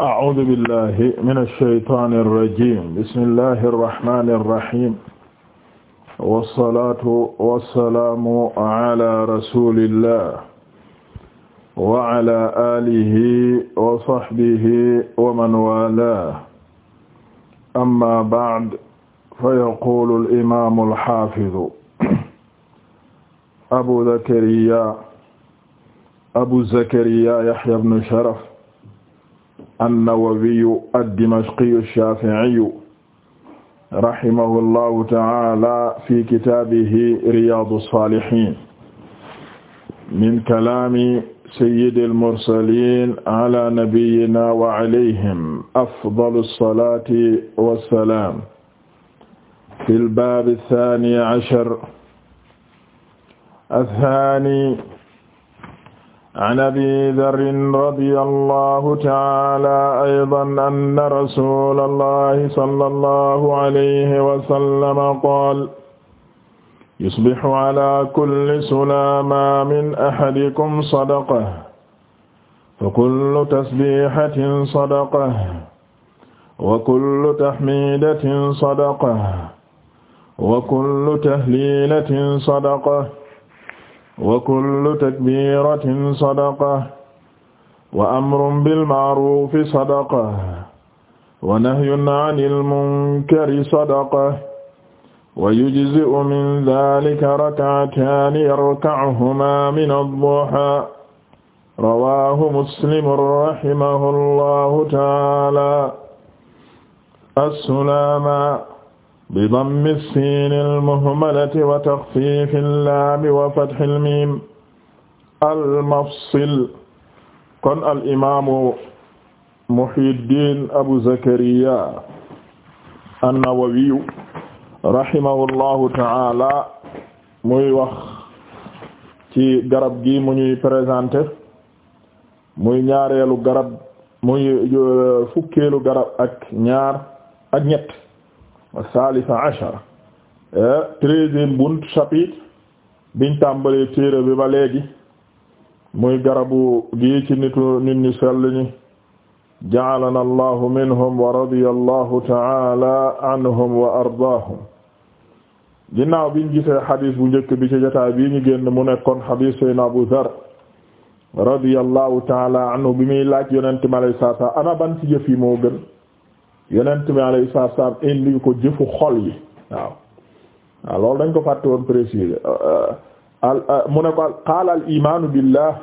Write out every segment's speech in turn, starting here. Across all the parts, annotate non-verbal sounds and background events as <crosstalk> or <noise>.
a'uuzu billahi mina shaytaani rajiim bismillahi rahmaani rahiim wasalaatu wasalaamu ala rasulillah wa ala aalihi wa sahbihi wa man waalaahu amma ba'd fayaquulu al-imaamu al-haafidu abu zakariya abu zakariya yahya ibn sharaf an-Nawawiyu ad-Dimashqiyu ash-Shafi'iyu rahimahullahu ta'ala fi kitaabihi Riyaadu s-Saalihiin min kalaami sayyidil mursaliin ala nabiyyinaa wa alayhim afdalu s-salaati wa s-salaam fil baabi ath-thaani ashar ath-thaani an abi darrin radiyallahu ta'ala aydan anna rasulallahi sallallahu alayhi wa sallam qaala yusbihu ala kulli sulama min ahadikum sadaqa fa kullu tasbihatin sadaqa wa kullu tahmidatin sadaqa wa kullu tahlilatin sadaqa wa kullu takbiratin sadaqa wa amrun bilmaarufi sadaqa wa nahyun anil munkari sadaqa wa yujzi'u min dhalika rak'atani yarka'uhuma min ad-duha rawahu muslimun rahimahullahu ta'ala as-sulama بضم السين المهملة وتخفيف اللام وفتح الميم المفصل kon الإمام محي الدين أبو زكريا النووي رحمه الله تعالى muy wax ci garab gi mu ñuy présenté muy ñaareelu garab muy fukkeelu garab ak ñaar ak ñett as-salisa ashara eh, treizième bunt chapitre biñ tàmbalee téere bi ba léegi muy garabu gi ci nitu nit ñi sell ñi ja'alana allahu minhum wa radiya allahu ta'ala anhum wa ardaahum ginnaaw biñ gisee xadis bu njëkk bi ci jotaay bii ñu génn mu nekkoon xadis sayna Abu Dhar radiya allahu ta'ala anhu bi muy laaj yonente mi alayhi salaatu ana ban ci jëf yi yonent bi alayhi salaatu salaam indi ko jëfu xol yi waaw waaw loolu dañ ko fàtte woon préciser euh, euh, mu ne ko qaala al imaanu billah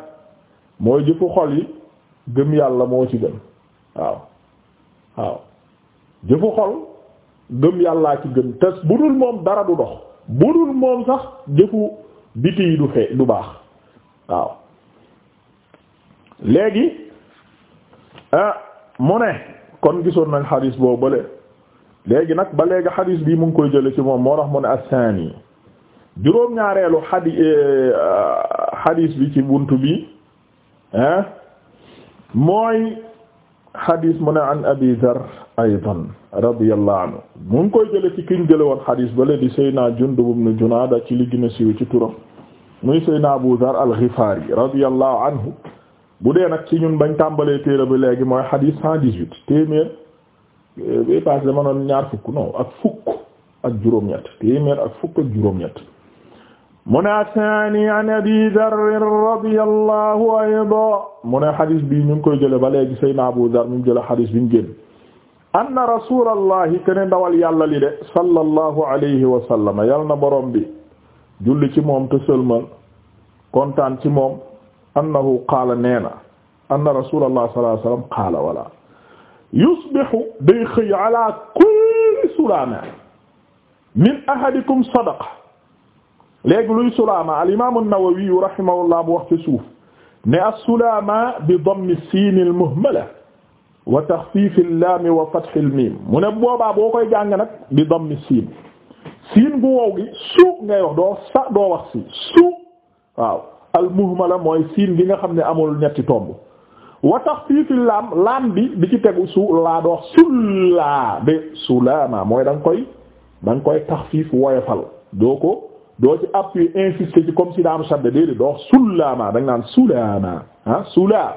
mooy jëfu xol yi gëm yàlla moo ci gën waaw waaw jëfu xol gëm yàllaa ci gën te bu dul moom dara du dox bu dul moom sax jëfu biti yi du fee du baax waaw léegi euh, mu ne kon gisoon nañ xadis boobu bële léegi nag ba léegi xadis bii mu ngi koy jële ci moom moo tax mu ne as-saani juróom-ñaareelu xadi eh, ah, bi ci bunt bi ah mooy xadis mu ne an abi dhar aydan radiyallahu anhu mu ngi koy jële ci kiñ jële woon xadis le di Seydina Jundub ibn Junaada ci li gën ci tura muy Seydina Abu Dhar al-Ghifari radiyallahu anhu bu dee nag ci ñun bañ tàmbalee téere bi léegi mooy xadiis cent dix-huit téeméer bi eh, paase dama doon ñaar fukk non ak fukk ak juróom-ñett mu ne asaani an abi dar radiyallahu anhu mu ne xadiis bi ñu ngi koy jële ba léegi sayna abu dar mu jële xadiis bi ñu génn anna rasulallahi kene ndawal yàlla li de sallallahu alayhi wa sallam yal na borom bi julli ci moom te sëlmal kontaan ci moom annahu qaala nee na anna rasulallah sallallahu alayhi wasallam qaala wala yusbihu day xëy ala kulli sulaama min ahadikum sadaqa léegi luy sulaama al imam an-Nawawi rahimahullah bu wax ci suuf ne as-sulaama bi dammi siin al-muhmala wa taxfiif al-laam wa fath al-miim mu ne boobaa boo koy jàng nag bi dammi siin siin gu wow gi su ngay wax doo sa doo wax si su waaw al muhmala mooy siin bi nga xam ne amul ñetti tomb wa taxfiifil laam laam bi bi ci tegu su laa doox sullaa de mooy da koy da nga koy taxfiif woyofal doo ko doo ci appuyer insister ci comme si daa am shadda déedéet doox da nga naan sulaama ah sulaa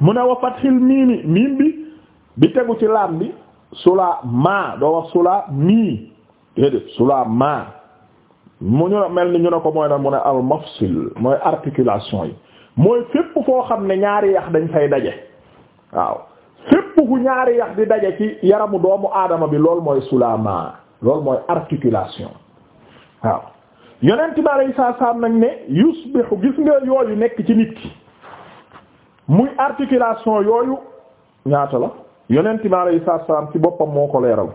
mu ne wa fathil miimi miim bi bi tegu ci laam bi sulaa maa doo wax sulaa mii déedéet sulaa maa mu ñu mel ni ñu ne ko mooy lan mu ne al mafsil mooy artikilation yi mooy fépp foo xam ne ñaari yax dañ fay daje waaw fépp fu ñaari yax di daje ci yaramu doomu aadama bi loolu mooy sulama loolu mooy articulation waaw yonent bi alayhi nag ne yusbihu gis nga yooyu nekk ci nit muy articulation yooyu ñaata la yonent bi alayhi salaam ci boppam moo ko leeral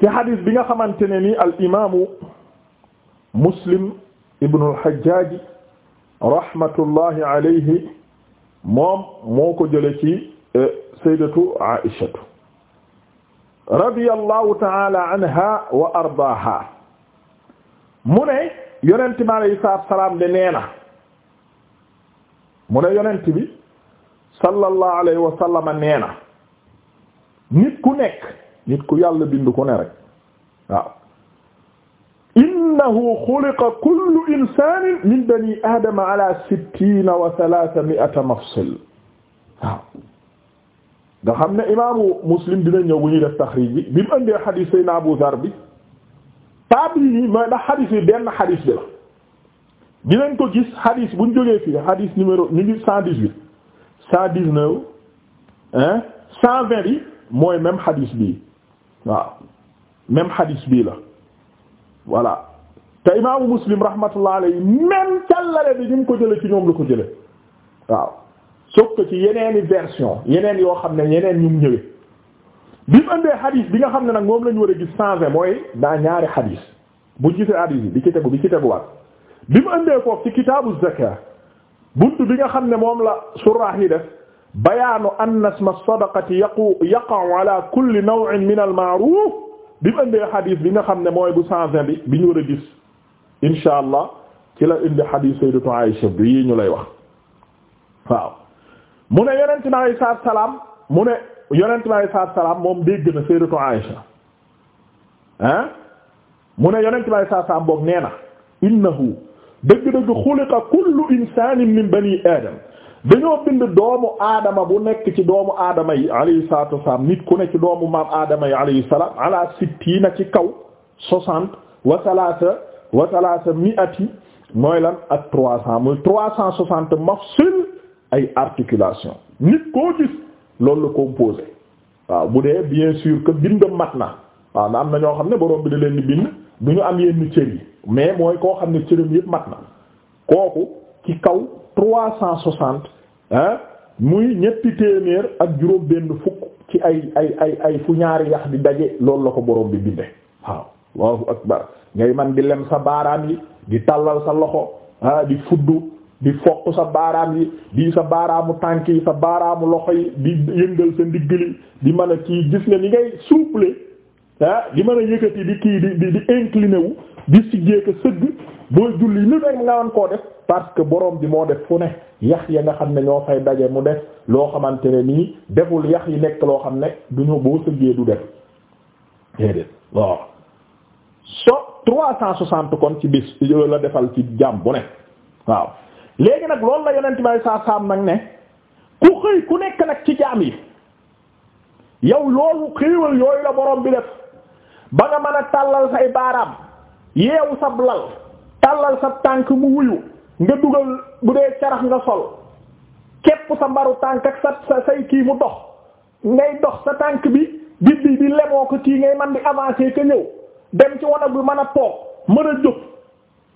ci xadis bi nga xamante ne ni al imaamu muslim ibnu al-Hajjaaji rahmatullahi alayhi moom moo ko jële ci e, sayyidatu Aïshatu radiyallahu ta'ala anha wa ardaaha mu ne yonent bi alayhi salaatu wa salaam de nee na mu ne yonent bi sallallahu alayhi wa sallam nee na nit ku nekk nit ku yàlla bind ku ne rek waaw innahu xuliqa kullu insanin min bani adama ala mafsil waaw nga xam ne imaamu muslim dina ñëw bu ñuy def taxrij bi bi mu andee xadiis sayna abu dhar bi bi nii mooy ndax xadiis yi benn xadiis bi la dinañ ko gis xadiis buñ jógee fii xadiis numéro ñu ngi cent dix-huit cent dix-neuf mooy même xadiis bii waaw même hadis bii la voilà te imaamu muslim rahmatullah alayhi même càllale bi ñu ko jële ci ñoom la ko jële waaw ko ci yeneen yeneeni version yeneen yoo xam ne yeneen ñu ñëwee bi mu ëndee hadis bi nga xam ne nag moom lañu war a gis cent mooy daa ñaari hadis bu gisee hadis yi bi ci tegu bi ci teguwaat bi mu ëndee foofu ci kitaabu zakat buntu bi nga xam ne moom la surah yi def bayaanu anna isma sadaqati yaqu yaqa'u ala kulli naw'in min al-ma'ruf bi mu indee xadis bi nga xam ne mooy bu cent vingt bi bi ñu war a gis insha allah ci la indi xadis sayyidatu Aisha bi yi ñu lay wax waaw mu ne yonent bi alayhi salaatu wa salaam mu ne yonent bi alayhi salaatu wa salaam moom dégg na sayyidatu Aisha ah mu ne yonent bi alayhi salaatu wa salaam boog nee na innahu dëgg-dëgg xuliqa kullu insaanin min bani aadam dañoo bind doomu aadama bu nekk ci doomu aadama yi alayhi salaatu wassalaam nit ku ne ci doomu maam aadama yi alayhi salaam yi sittiina ci kaw soixante wa salaasa mi at yi mooy lan ak trois cent muy trois cent soixante mafsil ay articulation nit koo gis loolu la composé waaw bu dee bien sûr que bind mat na waaw na am na ñoo xam ne borom bi di leen di bind du ñu am yenn cër yi mais mooy koo xam ne cëram yëpp mat na kooku ci kaw trois cent ah muy ñetti téeméer ak juróom benn fukk ci ay ay ay ay fu ñaari yax di daje loolu la ko borom bi binde waaw Allahu akbar ngay man di lem sa baaraam yi di tàllal sa loxo ah di fudd di foq sa baaraam yi di sa baaraamu tànk yi sa baaraamu loxo yi di yëngal sa ndiggali di mën a kii gis nga ni ngay souple ah di mën a yëkkati di kii di di di wu di siggee ko sëgg booy julli lu nekk nga wan koo def parce que boroom bi moo def fu ne yax ya nga xam ne ñoo fay daje mu def loo xamante ne nii deful yax yi nekk loo xam ne duñu boo sëggee du def déedéet waaw so trois cent soixante kon ci bis euh, la defal ci jàmm bu ne waaw léegi nag loolu la yonent bay saa saam nag ne ku xëy ku nekk nag ci jaam yi yow loolu xéewal yooyu la boroom bi def ba nga mën a tàllal say baaraam yeewu sab lal tàllal sa tànk mu wuyu nga dugal bu dee sarax nga sol képp sa mbaru tànk ak sa sa say kii mu dox ngay dox sa tànk bi di di di lemoo ko kii ngay man di avancé ka ñëw dem ci wanag bi mën a toog mën a jóg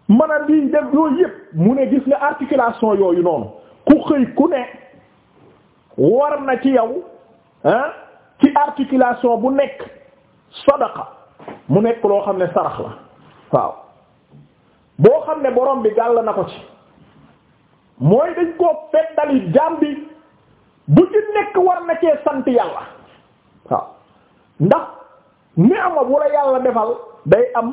mën a lii dem yooyu yëpp mu ne gis nga articulation yooyu noonu ku xëy ku ne war na ci yow ah ci articulation bu nekk sadaqa mu nekk loo xam ne sarax la waaw boo xam ne borom bi gàll na ko ci mooy dañ koo feddali jaam bi bu ci nekk war na cee sant yàlla waaw ndax ni ama bu la yàlla defal day am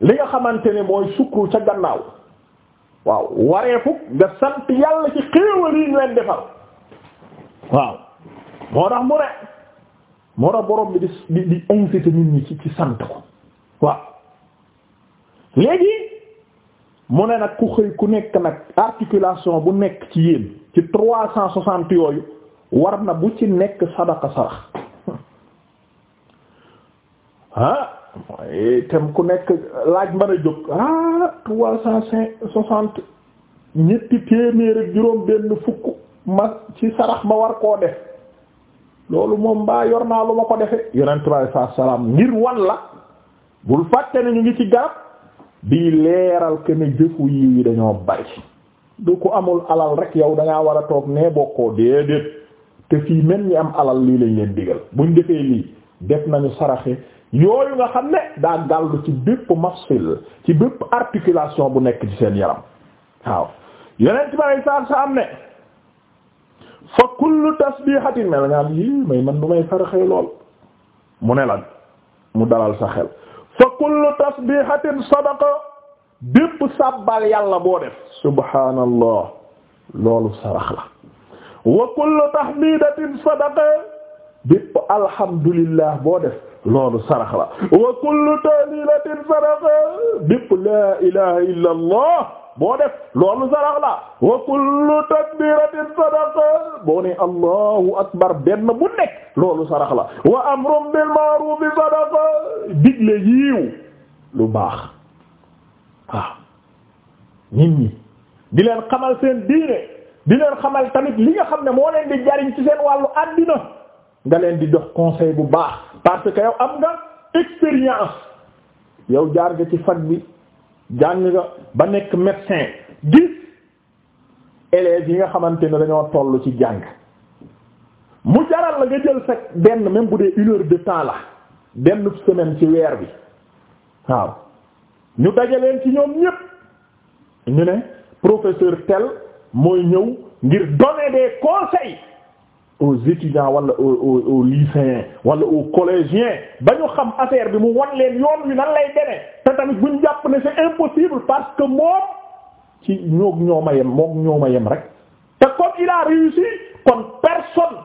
li nga xamante ne mooy sukru ca gannaaw waaw wareefuk nga sant yàlla ci xéewal yi ñu leen defal waaw moo tax mu ne moo tax borom bi di di inciter nit ñi ci sant ko waaw léegi mu ne nag ku xëy ku nekk nag articulation bu nekk ci yéen ci trois cent soixante yooyu war na bu ci nekk sadaka sarax <laughs> ah itam ku nekk laaj mën a jóg ah trois cent soixante ñetti téeméer ak juróom benn fukk ma ci sarax ma war koo def loolu moom mbaa yor naa lu ma ko defe yonent bi sallallahu alayhi ngir wan la bul fàtte ne ngi ci garab bii leeral ke ne jëfu yiw dañoo bari du ko amul alal rek yow dangaa war a toog nee bokkoo déedéet te fii même ñi am alal lii lañ leen digal buñ defee lii def nañu saraxe yooyu nga xam ne daa gàllu ci bépp mafsil ci bépp articulation bu nekk ci seen yaram waaw yeneen ci ma ne sa am ne fa kullu tasbihatin mel nga am yii may man du may saraxee lool mu ne la mu dalal sa xel kullu tasbihatin sadaqa bépp sàbbal yàlla boo def subhaanallah loolu sarax la wa kullu tahmidatin sadaqa bépp alhamdulillah boo def loolu sarax la wa kullu tahlilatin sadaqa bépp laa ilaha illa allah boo def loolu sarax la wa kullu takbiratin sadaqa boo ne allahu akbar benn bu nekk loolu sarax la wa amrun bil ma'ruf sadaqa digle yiiw lu baax waaw nit ñi di leen xamal seen diine di leen xamal tamit li nga xam ne moo leen di jariñ ci seen wàllu àddina nga leen di jox conseil bu baax parce que yow am nga expérience yow jaar nga ci fag bi jàng nga ba nekk médecin gis élèves yi nga xamante ni dañoo toll ci jàng mu jaral la nga jël sa benn même bu dee une heure de temps la benn semaine ci weer bi waaw ñu dajaleen ci ñoom ñépp ñu ne professeur tel mooy ñëw ngir donner des conseils aux étudiants wala aux aux lycéens wala aux collégiens ba ñu xam affaire bi mu wan leen yoon wi nan lay demee te tamit buñ jàpp ne c'est impossible parce que moom ci ñoog ñooma yem moog ñooma yem rek te comme il a réussi kon personne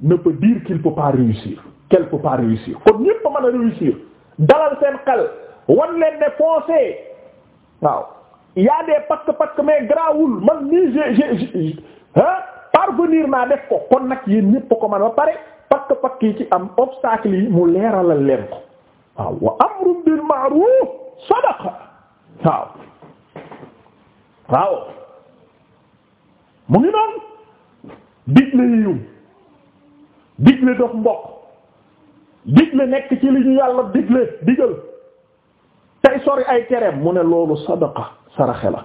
ne peut dire qu'il peut pas réussir qu'elle peut pas réussir kon ñépp a mën a réussir dalal seen xel wan leen ne foncé waaw y a des pakk pakk mais grawul man nii j'ai j'ai ah parvenir naa def ko kon nag yéen ñëpp ko man ba pare pakk pakk yi ci am obstacle yi mu leeralal leen ko waaw wa amrun bil ma'ruf sadaqa waaw waaw mu ngi noonu digle yiw digle dox mbokk digle nekk ci li ñu yàlla digle digal tey sori ay tereem mu ne loolu sadaqa saraxe la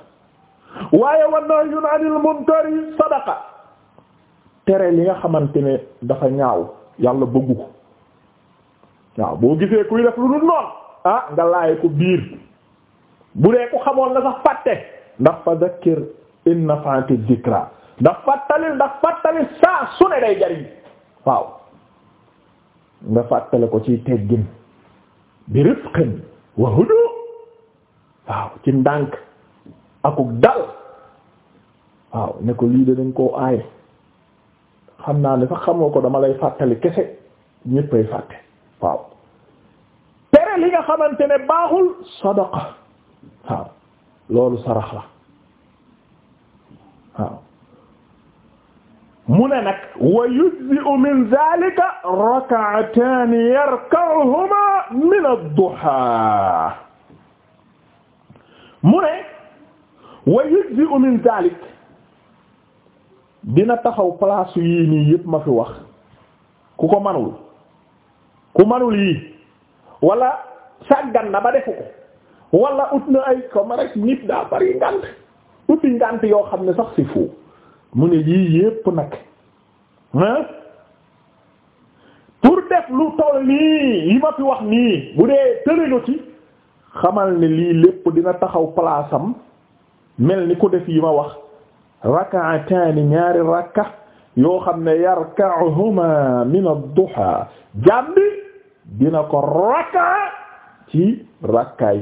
waaye wa nahyun anil munkari sadaqa tere li nga xamante ne dafa ñaaw yàlla bëggu ko waaw boo gisee kuy def lu dul noonu ah nga laay ko biir bu dee ko xamoon na sax fàtte ndax fa zakkir in nafa'ati dhikra ndax fàttali ndax fàttali saa su ne day jariñ waaw nga fàttale ko ci teggin bi rifqin wa hudu waaw ci ndànk akuk dal waaw ne ko lii de dañ koo aaye xam naa ne sax ko dama lay fàttali kese ñëppay fàtte waaw tere li nga xamante ne baaxul sadaqa waaw loolu sarax mu ne nag wa yujzi'u min zalika rak'atan yarka'uhuma min ad-duha mu ne wa min zalika dina taxaw place yii nii yépp ma fi wax ku ko manul ku manul yii wala sàggan na ba defu ko wala ut na ay comme rek nit daa bari ngànt uti ngànt yoo xam ne sax si foofu mu ne yii yépp nag hein pour def lu toll nii yi ma fi wax nii bu dee tëlëñu ci xamal ne lii lépp dina taxaw palaasam am mel ni ku def yi ma wax rak'ataani ñaari rakka yoo xam ne yarka'uhuma min ad-duha jàmbi dina ko rakka ci rakkaay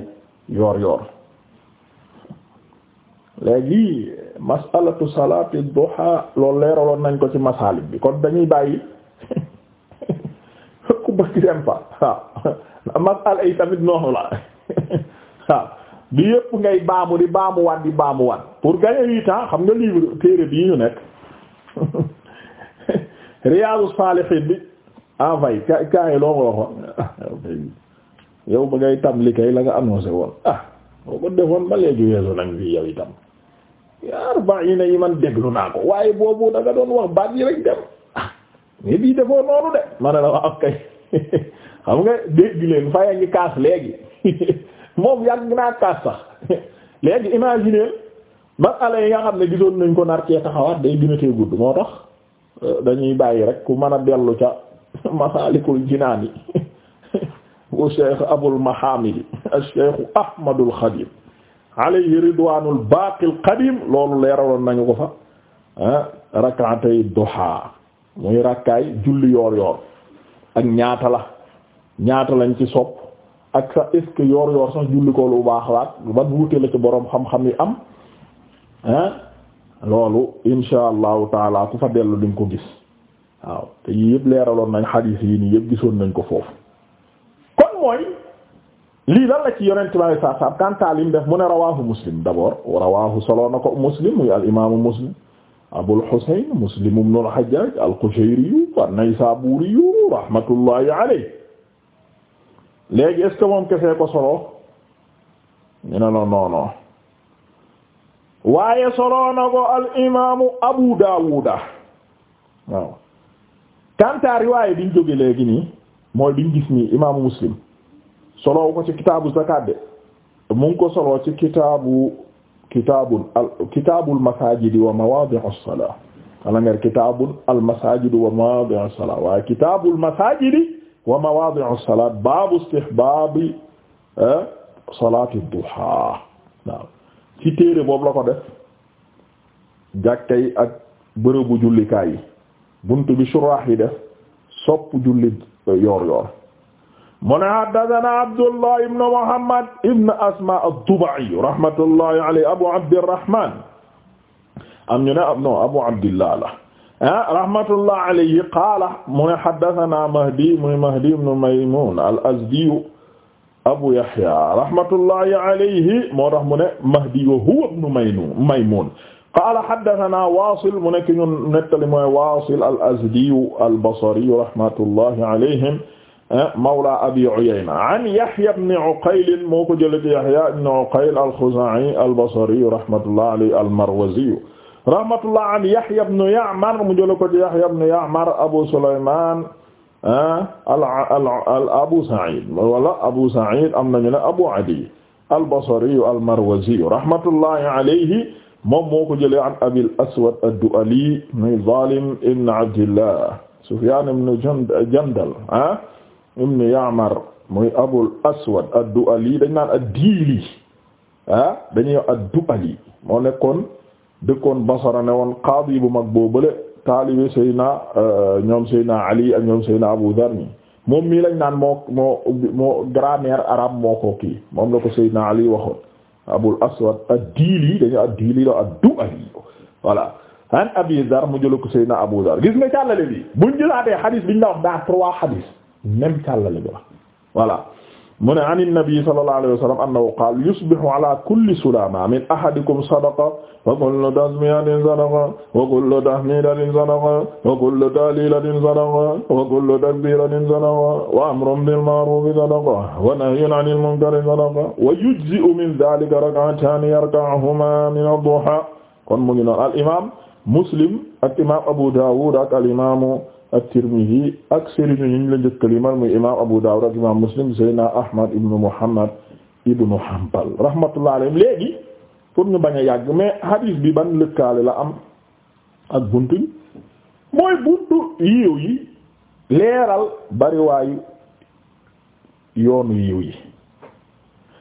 yoor yoor léegi masalatu salaati duha loolu leeraloon nañ ko ci masalik bi kon dañuy bàyyi <laughs> ku bëgg dem fa waaw <laughs> masala yi tamit noonu la <laughs> waaw bi yëpp ngay baamu di baamuwaat di baamuwaat pour gagner du temps xam nga livre téere bii ñu nekk <laughs> Riyâdous Sâlihîne bi en ah, ka kaay loo ko waxoon <laughs> yow ba ngay tam li kay la nga annoncé woon ah boo ko defoon yi na yi man déglu naa ko waaye boobu da nga doon wax baat yi rek dem ah mais bii defoo noonu de ma la wax kay <laughs> xam nga dégg leen faya ngi kaas léegi moom yàgg naa kaas sax <laughs> léegi imaginer masala yi nga xam ne gisoon nañ ko nar cee taxawaat day gën a gudd moo tax euh, dañuy bàyyi rek ku mën a dellu ca <laughs> masaalikul jinaan yi <laughs> bu cheikh abul mahamidi cheikhu ahmadul xadim alayhi ridwanul baqil qadim loolu leeraloon nañu ko fa ah rak'atay muy rakkaay julli yoor yoor ak ñaata la ñaata lañ ci sopp ak sa est-ce que yoor yoor sax julli ko lu baax laat ban wuute la ci boroom xam-xam yi am ah loolu insha allahu taala ku fa dellu duñ ko gis waaw te yii yëpp leeraloon nañ xadiis yi nii yëpp gisoon nañ ko foofu kon mooy lii lan la ci yonent bi alayhi salaam kantaal yi def mu ne rawaahu muslim d'abord rawaahu solo a ko muslim muy al imaamu muslim abul husayn muslim ibn al hajjaj al qushayri an-naysaburi rahmatullahi alayhi léegi est-ce moom kese ko solo ñu ne non non waaye solo na ko al imaamu Abu Daawuda waaw kanta riwaaye biñ jóge léegi nii mooy biñ gis nii imaamu Muslim solo ko ci kitaabu zakat de mu ko solo ci kitaabu kitaabul al kitaabul masaajidi wa mawaadi'us salaa ala ngar kitaabul al masaajidi wa mawaadi'us salaa waaye kitaabul masaajidi wa mawaadi'u salaat baabu istihbaabi salaati duhaa waaw ci téere boobu la ko def jàkka yi ak bërëbu jullikaay yi buntu bi suraax yi sopp julli eh, yoor mu ne haddathana Abdullah ibn Muhammad ibn Asma ad-Duba'i rahmatullahi alayhi Abu Abdirrahman am ñu ah, Ah, rahmatullah alayhi qaala mu ne haddathana Mahdi muy Mahdi ibn Maymun al-Azdi Abu Yahya rahmatullahi alayhi moo tax mu ne Mahdi wa huwa ibn Maymun Maymun qaala haddathana Waasil mu nekk ñun nettali mooy Waasil al-Azdi al-Basri rahmatullahi alayhim ah, mawla Abi Uyayna an Yahya ibn Uqayl moo ko jëlee Yahya ibn Uqayl al-Khuzaa'i al-Basri rahmatullahi alayhi al-Marwazi rahmatullah an Yahya ibn Ya'mar mu jël ko ci Yahya ibn Ya'mar Abu Sulaymaan ah, al Abu Sa'id wala Abu Sa'id am nañu ne Abu Adi al-Basri al-Marwazi rahmatullahi alayhi moom moo ko jëlee an Abil Aswad ad-Du'ali muy Zalim ibn Abdillah Sufyan ibn Jandal ah ibn Ya'mar muy Abul Aswad ad-Du'ali dañ naan ad-Dili ah dañuy ad-Du'ali moo nekkoon dëkkoon Basra ne woon qaadi bu mag boobale taalibe Seydina euh, ñoom Seydina Ali ak ñoom Seydina Abu Dharr mi moom mii lañ naan moo moo moo grammaire arabe moo ko kii moom la ko Seydina Ali waxoon Abul Aswad ad dañu ad la ad-Du'ali voilà an Abi Dharr mu jëla ko Seydina Abu Dharr gis nga càllale bi buñ jëlaatee xadiis biñ la wax daa trois xadiis même càllale bi la voilà mu ne an nabi sallallahu alayhi wa sallam annahu qaala yusbihu ala kulli sulama min ahadikum sadaqa wa kullu tasmiyatin sadaqa wa kullu tahmidatin sadaqa wa kullu tahlilatin sadaqa wa kullu takbiratin sadaqa wa amrun bil ma'ruf sadaqa wa nahyun anil munkar sadaqa wa yujzi'u min dhalika rak'atani yarka'uhuma min ad-duha kon mu ngi noon al imam muslim ak imam abu dawud ak al imam at-Tirmidhi ak sëriñ ñu la njëkkal imaam muy imaam Abu Dawud ak imaam Muslim Seydina Ahmad ibn Muhammad ibn Hanbal rahmatullah alayhim léegi pour ñu bañ a yàgg mais hadith bi ban lëkkaale la am ak buntu mooy buntu yiw yi leeral bariwaayu yoonu yiw yi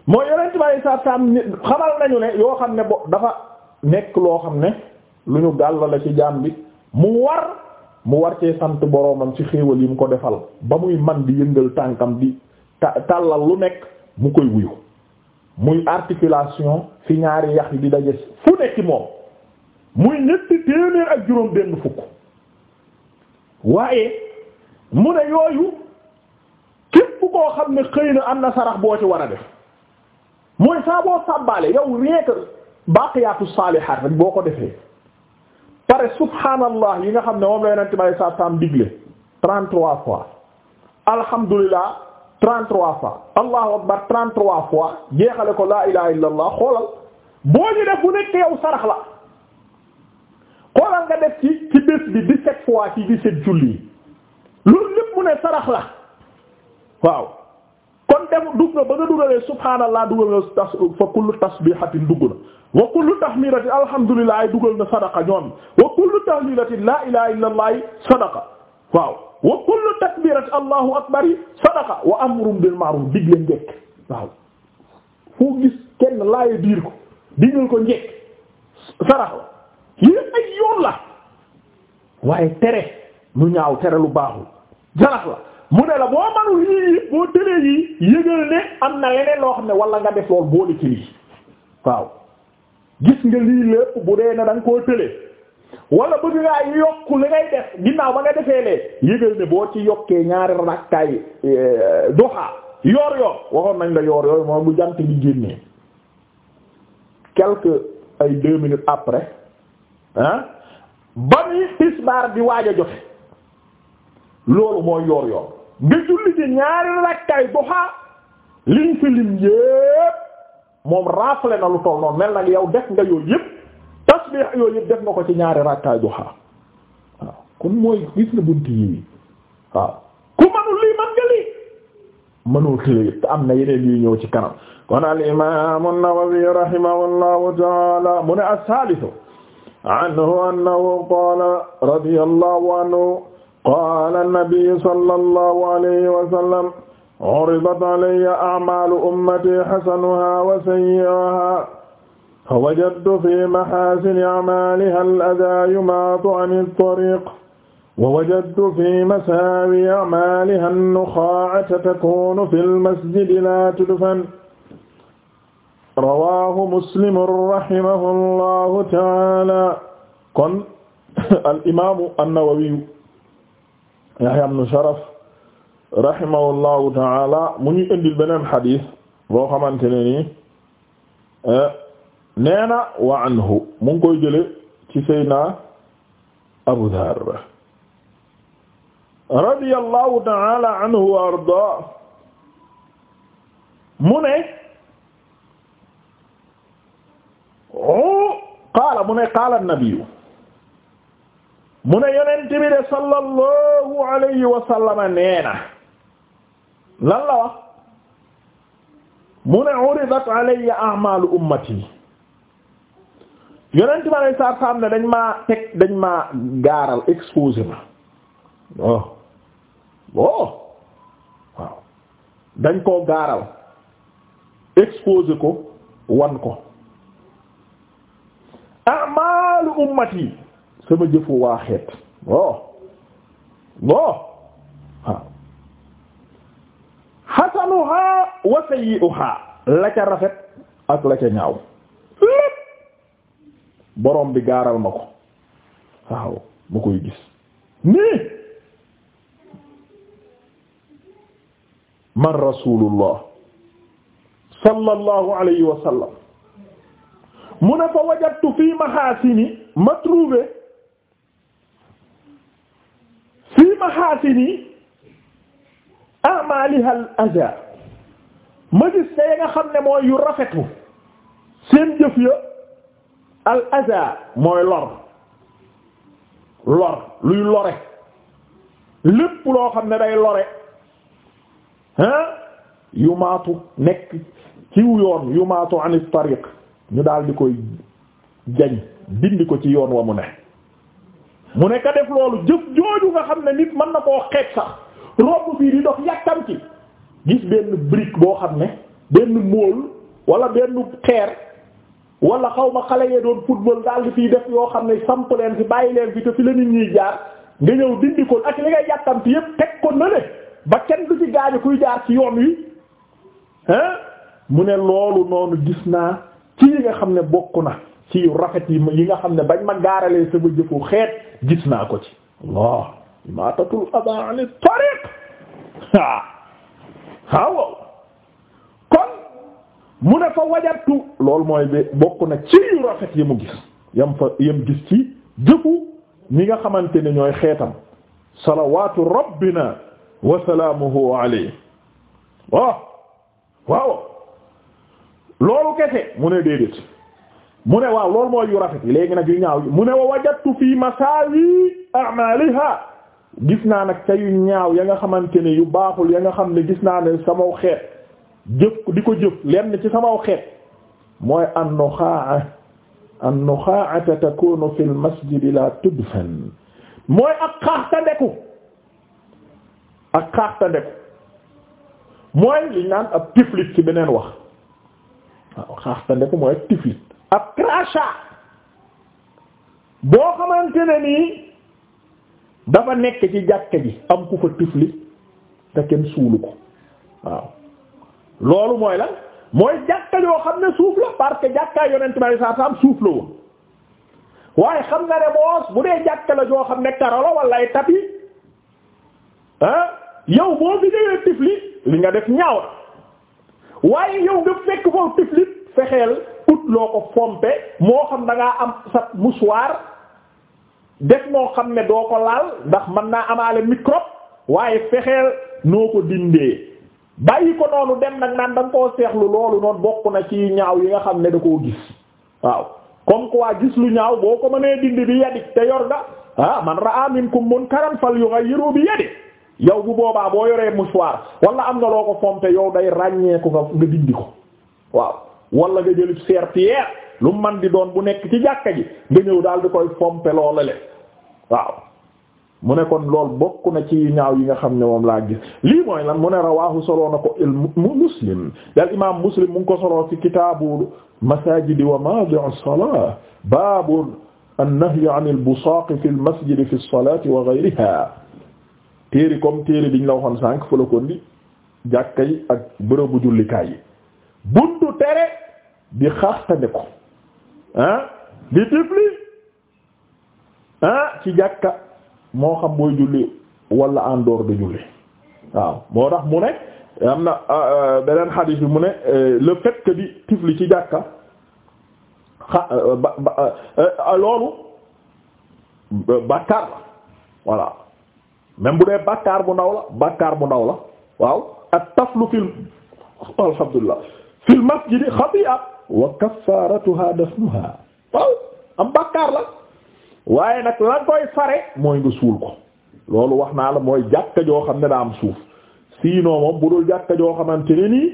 mooy yonent bi saa saam xamal nañu ne yoo xam ne bo dafa nekk loo xam ne lu ñu gàll la ci jaam bi mu war. mu war cee sant boroomam ci xéewal yi mu ko defal ba muy man di yëngal tànkam di ta tàllal lu nekk mu koy wuyu muy articulation fi ñaari yax di daje fu nekk moom muy ñetti téeméer ak juróom benn fukk waaye mu ne yooyu képp koo xam ne xëy na am na sarax boo ci war a def mooy saaboo boo sàbbaale yow réeka baaqiyaatu saalihaat rek boo ko defee pare subhanallah yi nga xam ne moom la yonent bi sallallahu alayhi wasallam digle 33 fois alhamdulilah 33 fois allahu akbar 33 fois jeexale ko laa ilaha illallah xoolal boo ñu def bu nekk yow sarax la xoolal nga def ci ci bés bi 17 fois ci 17 julli loolu lépp mu ne sarax la waaw dem dugg na ba nga dugalee subhaanallah dugal na tas fa kullu tasbihatin dugg na wa kullu tahmidatin alhamdulilah dugal na sadaqa ñoom wa kullu tahlilatin la ilaha illa allah sadaqa waaw wa kullu takbiratin allahu akbar sadaqa wa amrun bil ma'ruf digle njekk waaw foo gis kenn laaye biir ko digal ko njekk sarax la yépp ay yoon la waaye tere lu ñaaw tere lu baaxul sarax la mu ne la boo manul yii yii boo tëlee yii yëgal ne am na leneen loo xam ne wala nga def lool boole ci lii waaw gis nga lii lépp bu dee na da koo tëlee wala bëgg ngaa yokk li ngay def ginnaaw ba nga defee lee yëgal ne boo ci yokkee ñaari rakkaay euh, duha yoor yoor waxoon nañ la yoor yoor moom bu jant bi génnee quelques ay deux minutes après ah ba muy tisbaar di waaj a jote loolu mooy yoor yoor nga julli ci ñaari rakkaay duha liñ fi lim moom raafale na lu toll mel nag yow def nga yooyu yépp tasbih yooyu yépp def nga ko ci ñaari rakkaay duha waaw mooy gis na bunt yi ku manul lii man nga lii mënul am na yeneen yuy ñëw ci kanam kon al imam an-Nawawi ta'ala mu ne as anhu annahu qala anhu qaala nabiyu sallallahu alayhi wa sallam uridat alayya a'maalu ummati hasanuhaa wa sayyi'uhaa fawajadtu fii mahaasini a'maalihaa al-adaa yumaatu 'ani at-tariiq wa wajadtu fii masaawi a'maalihaa an-nuxaa'ata takuunu fi al-masjidi laa tudfan rawaahu muslimun rahimahu allahu ta'aala kon <laughs> al imaamu an-nawawi Yahya ibn Sharaf rahimahullahu taala mu ñuy indil beneen xadis boo xamante ne nii eh, nee na wa anhu mu ngi koy jële ci Seydina Abu Dhar radiyallahu taala anhu wa arda mu ne qaala mu ne qaala an-nabiyyu mu ne yonent bi de sallallahu alayhi wa sallam nee la wax mu ne uridat alayya a'malu ummati yonent bi alayhi salaatu ne dañ maa teg dañ ma oh oh waaw dañ koo gaaral exposé ko wan ko a'malu ummati sama jëfu waa xeet bon oh. bon oh. waaw xasanuha wa sayyi'uha la ca rafet ak la ca ñaaw lépp boroom bi gaaral ma ko waaw ma koy gis nii man rasulullah sallallahu alayhi wa sallam mu ne fa wajadtu fi mahasini ma trouvé mahasini amalihal ah aja ma gis te nga xam ne mooy yu rafetu seen jëf ya al mooy lor lor luy lore lépp loo xam ne day lore hein ah yu maatu nekk ci yoon yu maatu anit tariq ñu daal di koy jañ dindi ko ci yoon wa mu ne mu ne ka def loolu jëf jooju nga xam ne nit mën na koo xeet sax robb fii di dox yàkkam ci gis benn brique boo xam ne benn móol wala benn xeer wala xaw ma xale yee doon football daal di fii def yoo xam ne samp leen fi bàyyi leen fi te fi la nit ñuy jaar nga ñëw dindi ko ak li ngay yàkkam ci yépp teg ko na ba kenn du ci gaañu kuy jaar ci yoon wi hein mu ne loolu noonu gis naa ci yi nga xam ne bokk na ci yu rafet yi yi nga xam ne bañ ma gaaralee sama jëfu xeet gis naa ko ci waaw maatatul ada ani tariq ah waaw kon mu ne fa wajatu loolu mooy bi bokk na ci yu rafet yi mu gis yam fa yam gis ci jëfu ñi nga xamante ne ñooy xeetam salawatu rabbina wa salaamuhu alayhi waaw oh, waaw loolu kese mu ne déedéet mu ne waaw loolu mooy yu rafet yi léegi nag yu ñaaw yi mu ne wa wajattu fii masaawi a'maliha gis naa nag ca yu ñaaw ya nga xamante ne yu baaxul ya nga xam ne gis naa ne samaw xeet jëf di ko jëf lenn ci samaw xeet mooy an-nuxaa'a an-nuxaa'ata takunu fil masjidi la tudfan mooy ak xaax ta ndeku ak xaax mooy li naan ab tiflit ci beneen wax waaw xaax ta ndeku mooy ak tiflit ab crachat boo xamante ne nii dafa nekk ci jàkka ji am ku fa tifli te kenn suulu ko waaw loolu mooy lan mooy jàkka yoo xam ne suuf la parce que jàkkaay yonent bi saa saam suuf la woon waaye xam nga ne boos bu dee jàkka la joo xam ne karo la wala ay tapi ah yow boo fi ñëwee li nga def ñaaw waaye yow nga fekk foofu tifli. fexeel ut loo ko fompe moo xam dangaa ngaa am sa mouchoir def moo xam ne doo ko laal ndax mën naa amaale microbe waaye fexeel noo ko dindee bàyyi ko noonu dem nag naan da nga koo seexlu loolu noonu bokk na ci ñaaw yi nga xam ne da koo gis waaw comme quoi gis lu ñaaw boo ko mënee dindi bi yadik te yor nga ah man ra'a minkum munkaran falyughayyiru bi yadi yow bu boobaa boo yoree mouchoir wala am na loo ko pompe yow day ràññeeku nga nga dindi ko waaw wala nga jëlib serpillière lu man di doon bu nekk ci jàkka ji nga ñëw daal di koy pomper loola le waaw mu ne kon lool bokk na ci ñaaw yi nga xam ne moom laa gis lii mooy lan mu ne rawaahu soloo na ko il muslim dal imam muslim mu ngi ko soloo ci kitaabu masajidi wa madi'u salah babu an-nahy 'an al-busaq fi al-masjid fi as-salati wa ghayriha téeri comme téeri biñ la waxoon sànq fa la ko jàkka yi ak bërëbu jullikaay yi buntu tere di xaastande ko ah di tifli ah ci jàkka moo xam booy julli wala en dehors julli waaw moo tax mu ne am na ah, ah, beneen xadiis bi mu ne eh, le fait que di tifli ci jàkka xa eh, ba ba eh, loolu bàkkaar la voilà même bu dee bàkkaar bu ndaw la bàkkaar bu ndaw la waaw ak taflu fil alhamdulillah fil masjidi xati'a wa kaffaratuha dafnuha waaw am bàkkaar la waaye nag la koy fare mooy nga suul ko loolu wax naa la mooy jàkka joo xam ne daa am suuf sinon moom bu dul jàkka joo xamante ne nii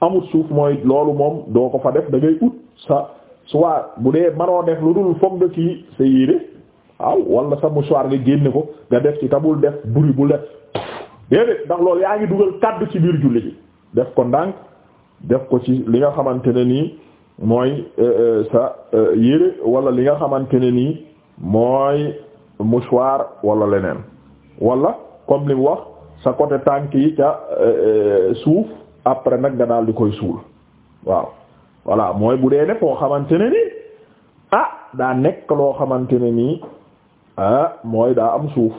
amul suuf mooy loolu moom doo ko fa def dangay ngay ut sa soit bu dee manoo def lu dul foog nga kii sa yére waaw wala sa mouchoir nga génne ko nga def ci tamul def buri bu def déedéet ndax loolu yaa ngi dugal kàddu ci biir julli bi def ko ndànk def ko ci li nga xamante ne nii mooy euh, euh, sa euh, yére wala li nga xamante ne nii mooy mouchoir wala leneen wala comme li mu wax sa côté tànk yi ca suuf après nag nga daal di koy suul waaw voilà mooy bu dee ne xamante ne nii ah daa nekk loo xamante ne nii ah mooy daa am suuf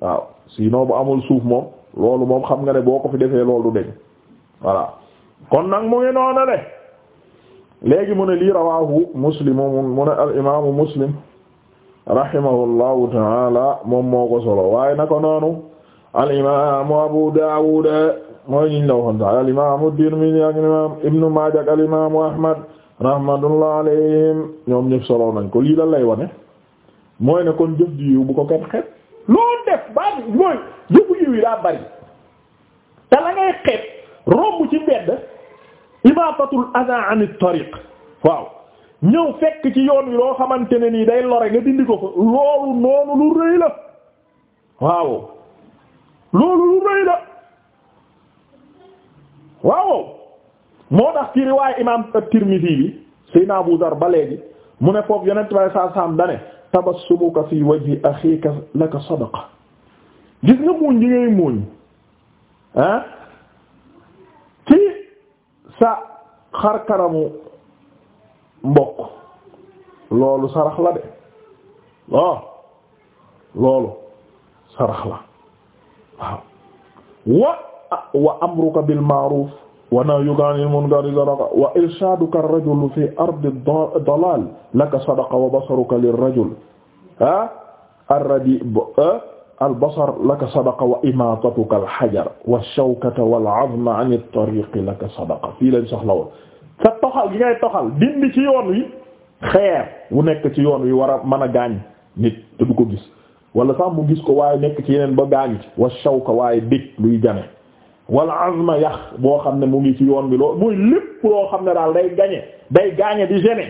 waaw sinon bu amul suuf moom loolu moom xam nga ne boo ko fi defee loolu deñ voilà kon nag mu ngi noona le léegi mu ne lii rawahu muslim mu ne al muslim rahimahullahu taala moom moo ko solo waaye nako noonu al abu daawud mooy ñiñ la waxoon sax al imaamu tirmidhi imaam ibnu maaja ak ahmad rahmatullah alayhim ñoom ñëpp solo nañ ko lii lan lay wane mooy ne kon jëf ji bu ko kenn xeeb loolu def baa mooy jëfu yiw yi daa bari te la ngay romb ci mbedd imaatatul adha an at-tariq waaw ñëw fekk ci yoon wi loo xamante ne nii day lore nga dindi ko loolu noonu lu rëy waaw loolu lu rëy waaw moo tax ci riwaay imaam at-Tirmidhi bi Abu Dar ba léegi mu ne foofu yonent bi saa saam dane tabassumuka fi wajhi akhika laka sadaqa gis nga muuñ gi ngay muuñ ah sa xar kanamu mbokk loolu sarax la de waaw loolu sarax la waaw wa wa amruka bil ma'ruf wa nahyuka 'anil munkar sadaqa wa irshaduka ar-rajul fi ardi dalal laka sadaqa wa basaruka lir-rajul ha ar-radi albasar laka sadaqa wa imatatuka alxajar walshawkata walazma an iltariqi laka sadaqa fii lañ soxla woon sa toxal gi ngay toxal dindi ci yoon wi xeer wu nekk ci yoon wi war a mën a gaañ nit te du ko gis wala sax mu gis ko waaye nekk ci yeneen ba gaañ ci wa shawka waaye dég luy gane wala azma yax boo xam ne mu ngi ci yoon bi loolu muy lépp loo xam ne daal day gañe day gaañe di gene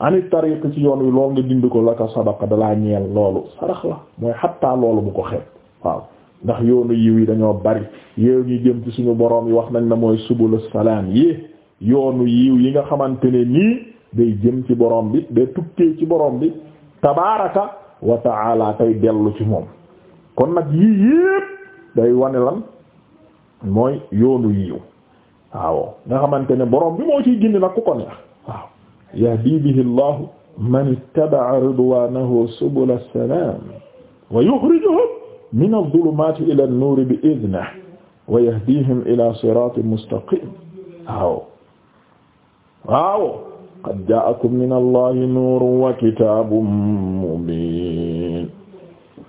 anit tariq ci yoon wi lool nga dind ko laka sadaqa dalaa ñeel loolu sarax la mooy xattaa loolu bu ko xeeb waaw ndax yoonu yiw yi dañoo bari yoon yi jëm ci suñu boroom yi wax nañ na mooy subul salaam yi yoonu yiw yi nga xamante ne nii day jëm ci boroom bi day tukkee ci boroom bi tabaaraka wa ta'ala dellu ci moom kon nag yii yépp day wane lan mooy yoonu yiw waaw nga xamante ne boroom bi moo ciy gindi nag ku ko neex yahdi bihi llahu man ittaba'a ridwanahu subula as-salam wa yukhrijuhum min adh-dhulumati ila an-nuri bi idhnihi wa yahdihim ila siratin mustaqim waaw waaw qad ja'akum min allahi nuurun wa kitaabun mubiin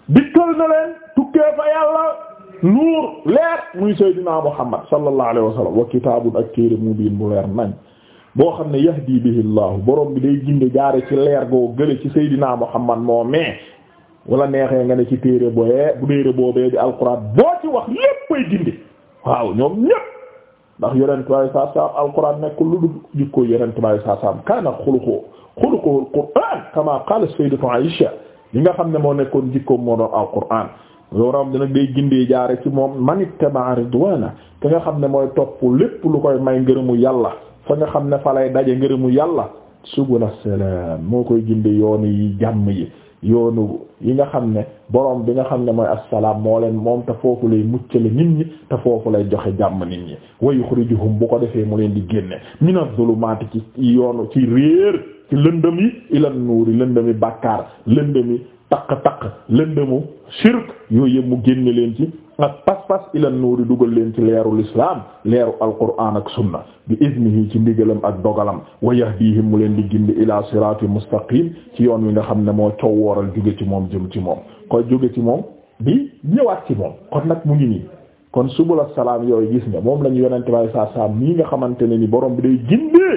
dikkal na leen tukkee fa yàlla nuur leer muy sayyidina muhammad sallallahu alayhi wa sallam wa kitaabun ak téere mubiin bu leer nañ boo xam ne yahdi bihi llahu borom bi day ginde jaare ci leer goo gële ci Seydina Muhammad moo mais wala neexee nga ne ci téere booyee bu téere boobee di alquran boo ci wax léppay ginde waaw ñoom ñépp ndax yonent bi saa saam alquran nekkul lu dul jikko yonent bi saa saam kaana xuluqu xuluquhu alquran kama qaala sayyidatu Aïsha li nga xam ne moo nekkoon jikkoom moo doon alquran loolu dina day gindee jaare ci moom man ittaba'a ridwaana te xam ne mooy topp lépp lu koy may ngërëmu yàlla fa nga xam ne fa lay daje ngërëmu yàlla subula salaam moo koy gindi yoonu yi jàmm yi yoonu yi nga xam ne borom bi nga xam ne mooy assalaam moo leen moom te foofu lay muccale nit ñi te foofu lay joxe jàmm nit ñi wa yuxrijuhum bu ko defee mu leen di génne mina zulumaati ci yoonu ci réer ci lëndëm yi ilan nuuri lëndëmi bàkkaar lëndëmi taq-taq lëndëmu shirk yooyu yëpp mu génne leen ci ak pas-pas ilan nuuri dugal leen ci leeru lislaam leeru alquraan ak sunna bi iznihi ci ndigalam ak dogalam wa yahdihim mu leen di gindi ila siraati mustaqim ci yoon wi nga xam ne moo coow wooral jóge ci moom jëm ci moom koy jóge ci moom bi ñëwaat ci moom kon nag mu ngi nii kon subul salaam yooyu gis nga moom lañu yonente baay saa saa mii nga xamante ne ni borom bi day gindee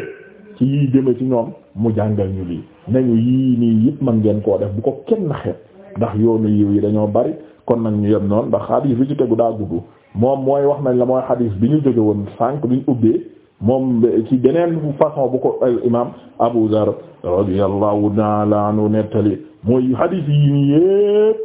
ci yii jëme ci ñoom mu jàngal ñu lii nañu yii nii yëpp man ngeen koo def bu ko kenn xeet ndax yoonu yiw yi dañoo bari kon nag ñu yem noonu ndax xadiis bi ci tegu daa gudd moom mooy wax nañ la mooy xadiis bi ñu jóge woon sànq bi ñu ubbee moom ci beneen façon bu ko al imaam Abu Dar radiyallahu ta'ala anhu nettali mooy xadiis yi nii yëpp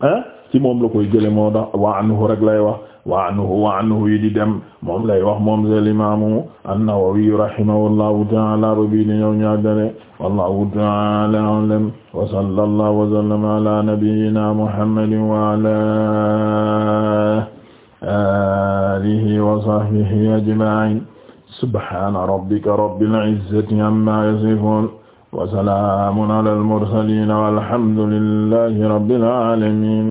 ah ci moom la koy jële moo tax waa anhu rek lay wax wa anhu wa anhu yi di dem moom lay wax moom al imaamu an-Nawawi rahimahullahu ta'ala bi ni ñëw ñaagale wallahu ta'ala a'lam wa sallallahu wa sallama ala nabiyyina muhammadin wa ala alihi wa sahbihi ajma'in subhana rabbika rabbil izzati amma yasifun wa salamun ala al mursalin walhamdulillahi rabbil alamin